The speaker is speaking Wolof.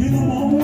You know